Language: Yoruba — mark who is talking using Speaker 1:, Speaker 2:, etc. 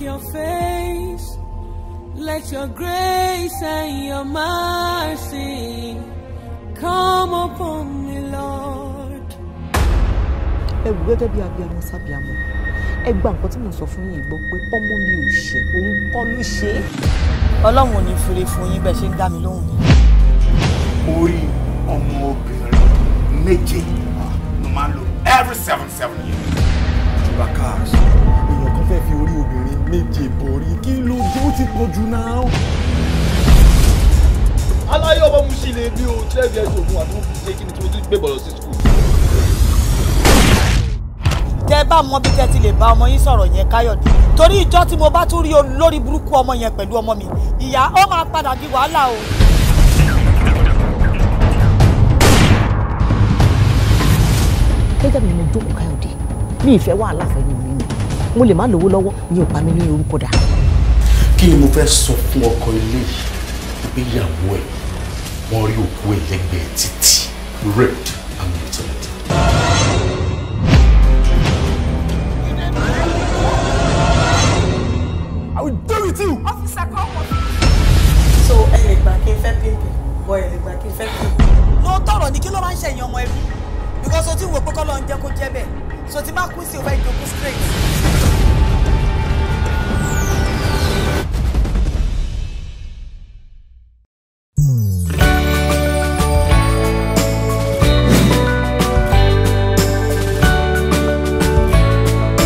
Speaker 1: your face. Let your grace and your mercy come upon me, Lord. Ẹ wù gẹ́gẹ́ bí abiyamọ sábìamọ. Ẹ gba nǹkan tí mo sọ fún yín gbọ́ pé ọmọ mi ò ṣe òun kọ́ ló ṣe é. Ọlọ́run ò ní fèrè fún yín bẹ́ẹ̀ ṣe ń dá mi lóhùn ni. Orí ọmọ obìnrin méje ló máa ń lo every seven seven years. Jùbà káàsì. àpọ̀jù náà. aláyọ̀ ọmọ mu sì lè ní o twelve years old àti mo fi ṣe kí ni tí mo tún gbé bọ̀lọ̀ sí school. tẹ bá mọ bí tẹ ti lè bá ọmọ yín sọ̀rọ̀ yẹn káyọ̀dé torí ìjọ tí mo bá tún rí olórí burúkú ọmọ yẹn pẹ̀lú ọmọ mi ìyá ó máa padà di wàhálà o. gẹ́gẹ́ bí mo jókòó káyọ̀dé mi ìfẹ́ wàhálà fẹ́ mi mo lè má lówó lọ́wọ́ ní ò ní orúkọ dà kí ni mo fẹ́ sọ fún ọkọ ilé yìí pé ìyàwó ẹ̀ wọ́n rí òkú ẹ̀ lẹ́gbẹ̀ẹ́ títì raped and mutilated. I will do with you. Officer, come on. So ẹ lè gbà kí n fẹ́ pimpi, bọ́ ẹ lè gbà kí n fẹ́ pimpi. Lóòótọ́rọ̀ ni kí ló máa ń ṣẹ̀yìn ọmọ ẹbí? Because o ti wò pé kọ́ ló ń jẹ́ kó jẹ́ bẹ́ẹ̀. So ti bá kú sí o fẹ́ jókòó straight.